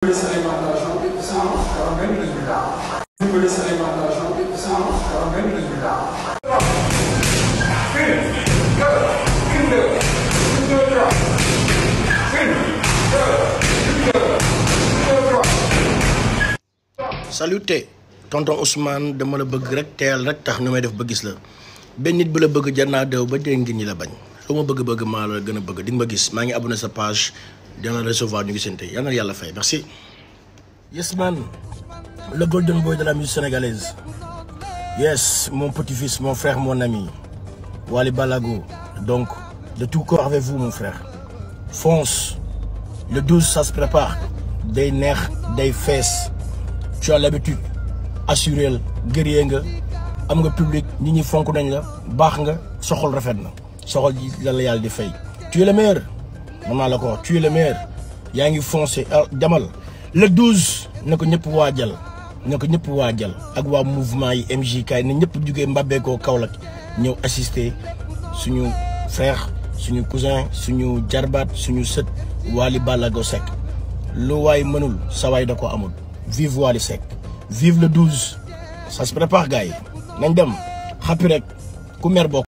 police alimentation bi puissance borom tonton Ousmane dama la bëgg rek teel rek tax nu may def ba gis la benn nit bu la bëgg jar naa dew ba dégg ngi ñi la bañ soo ma bëgg-bëgg maa la gën a bëgg di ma gis maa ngi abonné sa page dana recevoir ñu ngi seen tey yal na yàlla fay merci. yes man le golden boy de la musique sénégalaise. yes moo petit-fils mon frère mon ami. Wally Balago donc le tout corps avec vous mon frère. fonce le 12 ça se prépare. day neex day fees. tu as l'habitude assuré guerrier nga am nga public nit ñi fonk nañ la baax nga soxol rafet na soxol ji la la yàlla di fay. tu le meilleur. mën naa la ko wax tu le maire yaa ngi foncé jamal ah, le 12 na ko ñëpp waajal na ko ñëpp waajal ak waa mouvement yi MJK yi na ñëpp jugee mbabbeekoo Kaolack ñëw assister suñu frère suñu cousin suñu jarbaat suñu sët Wally Ballago Seck lu waay mënul sa waay da ko amul vive Wally sek vive le 12 ça se prépare gars yi dem xappi rek ku mer bokk